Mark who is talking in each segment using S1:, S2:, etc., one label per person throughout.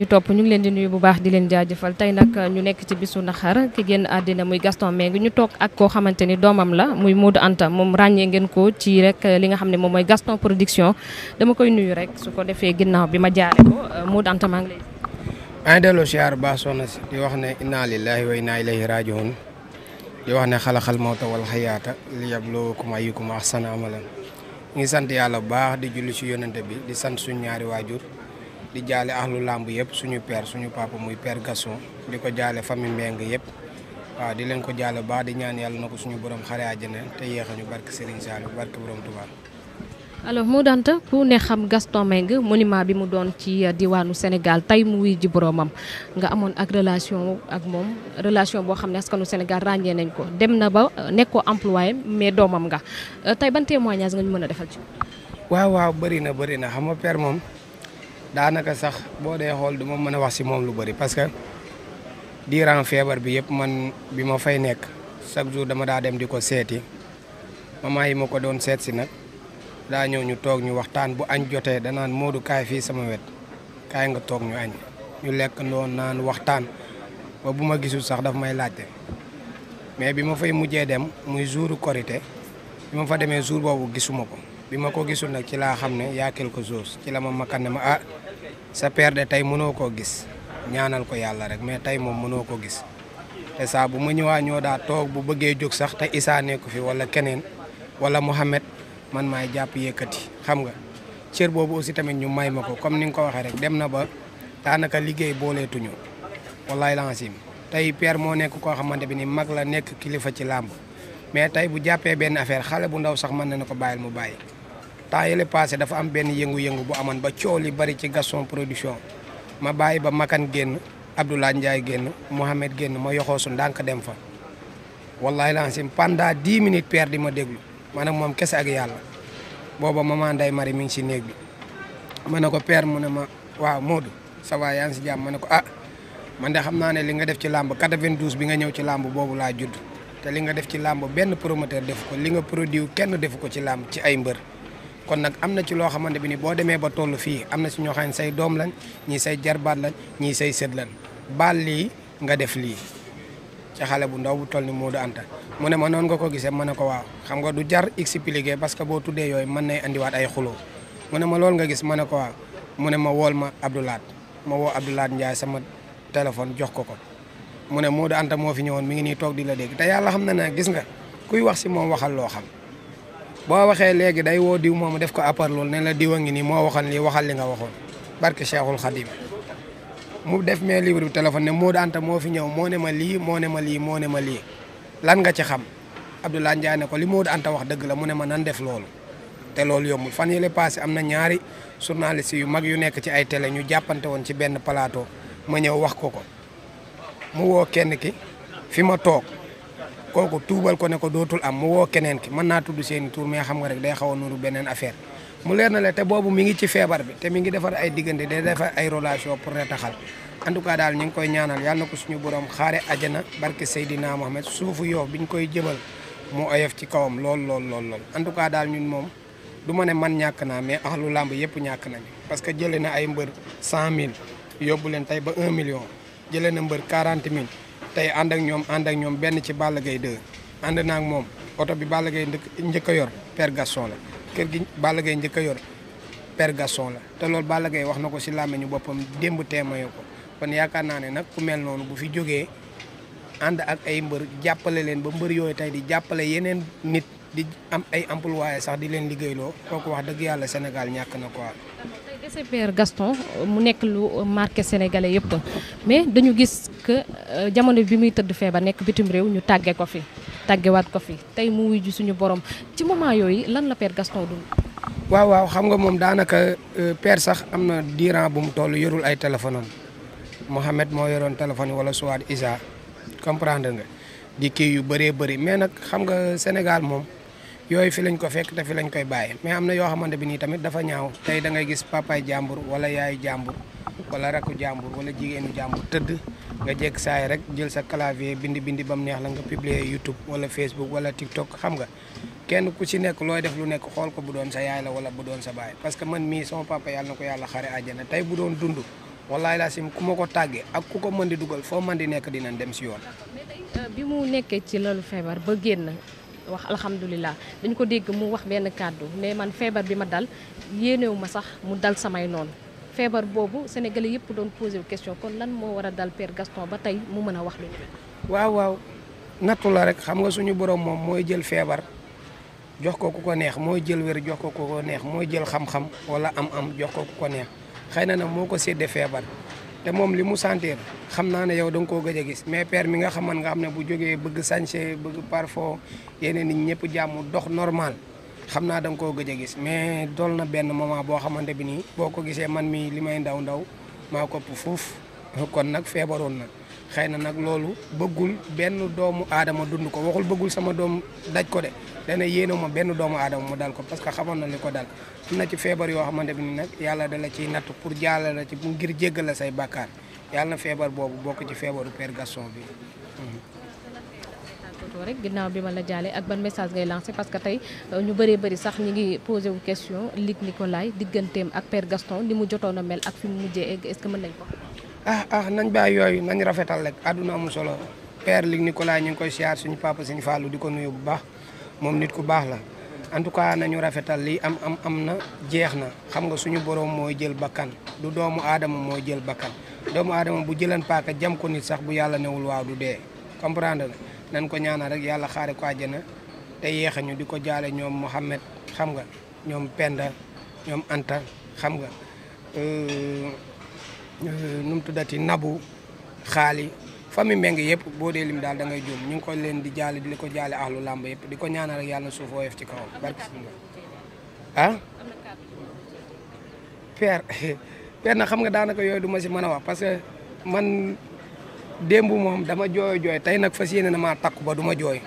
S1: ñu topp ñu ngi leen di nuyu bu baax di leen jaajëfal tey nag uh, ñu nekk ci bisu naxar ki génn àddina muy Gaston Mbengue ñu toog ak koo xamante ni doomam la muy Modou Anta moom ràññee ngeen ko ci rek uh, li nga xam ne moom mooy Gaston Production dama koy nuyu rek su ko defee ginnaaw bi ma jaare ko uh, Modou Anta maa ngi lay.
S2: maa ngi delloo siyaar baax soxna si di wax ne inna lillahi wa inna ilayhi rajiun di wax ne xalaxal mawta wal xayaata li ngi sant yàlla bu baax di julli si yonente bi di sant suñ ñaari waajur di jaale ahlu làmb yëpp suñu père suñu papa muy père Gaston di ko jaale famille Mbengue yëpp waaw di leen ko jaale baax di ñaan yàlla na ko suñu borom xare àjjana te yéexañu barke Serigne Saliou barke borom Touba.
S1: alors mu danta ku ne xam Gaston Mbengue monument bi mu doon ci euh, diwaanu Sénégal tey mu wuy ji boromam nga amoon ak relation ak moom relation boo xam ne askanu Sénégal ràññee nañ ko dem na ba euh, nekk ko mais doomam nga euh, tey ban témoignage nga mën a defal ci.
S2: waaw waaw moom. daanaka sax boo dee xool du ma mën a wax si moom lu bëri parce que diiran feebar bi yëpp man bi ma fay nekk chaque jour dama daa dem di ko seeti maman yi ma ko doon seet si nag daa ñëw ñu toog ñu waxtaan bu añ jotee danaan Modou kaay fii sama wet kaay nga toog ñu añ ñu lekk ndoon naan waxtaan bu ma gisul sax dafa may laajte mais bi ma fay mujjee dem muy jour korité bi ma fa demee jour boobu gisuma ko bi ma ko gisul nag ci laa xam ne yaa ko chose ci la ma makkan ma ah sa père de tey mënoo koo gis ñaanal ko yàlla rek mais tey moom mënoo ko gis te saa bu ma ñëwaa ñoo daa toog bu bëggee jóg sax te Issa nekk fii wala keneen wala Mouhamed man maay jàpp yëkkati xam nga cër boobu aussi tamit ñu may ma ko comme ni nga ko waxee rek dem na ba daanaka liggéey booleetuñu wallaay lancim tey père moo nekk koo xamante bi ni mag la nekk kilifa ci làmb mais tey bu jàppee benn affaire xale bu ndaw sax mën na ne ko bàyyil mu bàyyi temps yële passé dafa am benn yëngu-yëngu bu amoon ba coow li bari ci Gaston Production ma bàyyi ba Makan génn Abdoulaye Ndiaye génn Mouhamed génn ma yoxoosu ndànk dem fa wallahi lancim pendant dix minutes père di ma déglu ma ne moom kese ak yàlla booba maman Ndeye Marie mi ngi si néeg bi ma ne ko per mu ne ma waaw Modou ça va yaa si jàmm ma ne ko ah man de xam naa ne li nga def ci làmb 92 bi nga ñëw ci làmb boobu laa judd te li nga def ci làmb benn promoteur def ko li nga produit kenn defu ko ci làmb ci ay mbër kon nag am na ci loo xamante bi nii boo demee ba toll fii am na si ñoo xam say doom lañ ñii say jarbaat lañ ñii say sët lañ baal lii nga def lii ci xale bu ndaw bu toll ni Modou Anta mu ne ma noonu nga ko gisee ma ne ko waaw xam nga du jar expliquer parce que boo tuddee yooyu mën nay andiwaat ay xuloo mu ne ma loolu nga gis ma ne ko waaw mu ne ma wool ma Abdoulaat ma woo Abdoulaat Ndiaye sama téléphone jox ko ko mu ne Modou Anta moo fi ñëwoon mu ngi nii toog di la dégg te yàlla xam na ne gis nga kuy wax si moom waxal loo xam boo waxee léegi day woo diw moom moomu def ko à part loolu ne la diw a ngi nii moo waxoon lii waxal li nga waxoon barke Cheikhul Khadim mu def mais livre bi téléphone ne Modou Anta moo fi ñëw moo ne ma lii moo ne ma lii moo ne ma lan nga ci xam Abdoulaye Ndiaye ne ko li Modou Anta wax dëgg la mu ne ma nan def loolu te loolu yombul fan yële passé am na ñaari journaliste yu mag yu nekk ci ay télé ñu jàppante woon ci benn palaatoo ma ñëw wax ko ko mu woo kenn ki fi ma toog kooku tuubal ko ne ko dootul am mu woo keneen ki mën naa tudd seen tur mais xam nga rek day xaw a nuru beneen affaire mu leer na la te boobu mi ngi ci feebar bi te mi ngi defar ay diggante day defar ay relation pour retaxal en tout cas daal ñu ngi koy ñaanal yàlla ko suñu borom xaare ajana barke Seydina Mohamed suufu yoof bi ñu koy jëbal mu oyof ci kawam lool lool lool lool en tout cas daal ñun moom du ma ne man ñàkk naa mais axlu làmb yëpp ñàkk nañu parce que jëlee na ay mbër cent mille yóbbu leen tey ba un million jëlee na mbër quarante mille tey ànd ak ñoom ànd ak ñoom benn ci Balla Gaye 2 ànd naa ak moom oto bi Balla Gaye njëkk a yor Père Gaston la kër gi Balla Gaye njëkk a yor Père Gaston la te lool Balla Gaye wax na ko si làmmiñu boppam démb témoigné ko kon yaakaar naa ne nag ku mel noonu bu fi jógee ànd ak ay mbër jàppale leen ba mbër yooyu tey di jàppale yeneen nit. di am ay employés sax di leen liggéeyloo kooku wax dëgg yàlla Sénégal ñàkk na quoi.
S1: tey père euh, Gaston mu nekk lu marqué sénégalais yëpp mais dañu gis que euh, jamono bi muy tëdd feebar nekk bitim réew ñu tàggee ko fi tàggewaat ko fi tey mu wuy suñu borom ci moment yooyu lan la père Gaston dund.
S2: waaw waaw xam nga moom daanaka euh, per sax am na diiran bu mu toll yorul ay téléphone am Mohamed moo yoroon téléphone wala soit Isa comprendre nga di kii yu bëree bëri mais nag xam nga Sénégal moom. yooyu fi lañ ko fekk te fi lañ koy bàyyi mais am na yoo xamante bi nii tamit dafa ñaaw tey da ngay gis papaay jàmbur wala yaayu jàmbur wala rakku jàmbur wala jigéenu jàmbur tëdd nga jekk saay rek jël sa clavier bindi bindi ba mu neex la nga publier YouTube wala Facebook wala TikTok xam nga kenn ku si nekk looy def lu nekk xool ko bu doon sa yaay la wala bu doon sa baay parce que man mii sama papa yàlla na ko yàlla xare àjjana tey bu doon dund wallaay laa sim ku ko tàggee ak ku ko mën di dugal foo mën di nekk dinañ dem si yoon.
S1: Euh, bi mu nekkee wax alhamdulilah dañ ko dégg mu wax benn kàddu ne man feebar bi ma dal yéenewu ma sax mu dal samay noonu feebar boobu sénégalais yëpp doon posé question kon lan moo war a dal Père Gaston ba tey mu mën a wax lu ñu
S2: waaw waaw nattu la rek xam nga suñu borom moom mooy jël feebar jox ko ku ko neex mooy jël wér jox ko ku ko neex mooy jël xam-xam wala am-am jox ko ku ko neex xëy na nag moo ko séddee feebar te moom li mu sentir xam naa ne yow da nga koo gëj a gis mais père mi nga xaman nga xam ne bu jógee bëgg sañse bëgg parfum yeneen nit ñëpp jàmm dox normal xam naa danga nga koo gëj a gis mais dool na benn moment boo xamante bi nii boo ko gisee man mi li may ndaw ndaw maa ko ëpp kon nag feebaroon na xëy na nag loolu bëggul benn doomu aadama dund ko waxul bëggul sama doom daj ko de dana yéene ma benn doomu aadama mu dal ko parce que xamoon na li ko dal na ci feebar yoo xamante bi ni nag yàlla dala ciy natt pour jaala la ci ngir jéggal la say bàkkaar yàlla na feebar boobu bokk ci feebaru Père Gaston bi. Hmm.
S1: rek ginnaaw bi ma la jaalee ak ban message ngay lancé parce que tey euh, ñu bëree bëri sax ñi ngi posé wu question Luc Nicolaï digganteem ak Père Gaston li mu jotoon a mel ak fi mu mujjee egg est-ce que mën nañ ko. ah ah nañ baa
S2: yooyu nañ rafetal rek àdduna amul solo père Luc Nicolaï ñu ngi koy siyaar suñu papa suñu Fallou di ko nuyu bu baax moom nit ku baax la en tout cas nañu rafetal lii am am am na jeex na xam nga suñu borom mooy jël bakkan du doomu aadama mooy jël bakkan doomu aadama bu jëlan paaka jam ko nit sax bu yàlla newul waaw du dee comprendre nañ ko ñaanal rek yàlla xaare ko àjjana te yeex a ñu di ko jaale ñoom Mohamed xam nga ñoom Penda ñoom Anta xam nga euh, Euh, nu mu tuddati nabu xaali famille Mbengue yëpp boo dee lim daal da ngay juum ñu ngi ko leen di jaale di ko jaale ahlu làmb yëpp di ko ñaanal yàlla na suuf woyof ci kawam. barke ah. père père na xam nga daanaka yooyu duma si mën a wax parce que man démb moom dama jooyo jooy tey nag fas yéene na maa takku ba du jooy.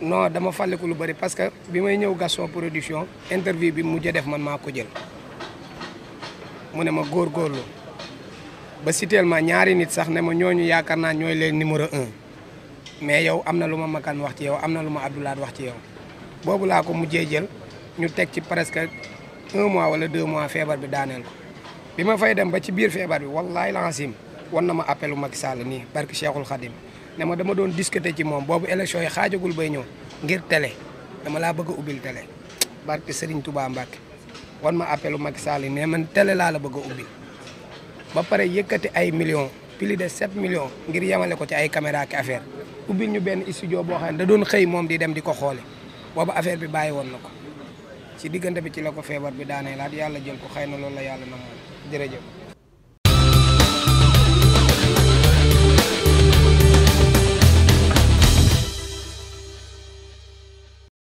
S2: non dama fàlliku lu bari parce que bi may ñëw Gaston production interview bi mu mujj def man maa ko jël mu ne ma góor góorgóorlu. ba siteel ma ñaari nit sax ne ma ñooñu yaakaar naa ñooy leen numéro un mais yow am na lu ma Makan wax ci yow am na lu ma Abdoulaat wax ci yow boobu laa ko mujjee jël ñu teg ci presque un mois wala deux mois feebar bi daaneel ko bi ma fay dem ba ci biir feebar bi wallaahi lancim wan na ma appelu Macky Sall nii barke Cheikhul Khadim ne ma dama doon discuter ci moom boobu élection yi xaajagul bay ñëw ngir télé dama laa bëgg a ubbil télé barke Serigne Touba Mbacke wan ma appelu Macky Sall ne man télé laa la bëgg a ba pare yëkkati ay millions plus de 7 millions ngir yemale ko ci ay caméra ki affaire ubbil ñu benn studio boo xam ne da doon xëy moom di dem di ko xoole boobu affaire bi bàyyi woon na ko ci diggante bi ci la ko feebar bi daanee laat yàlla jël ko xëy na loolu la yàlla na moom jërëjëf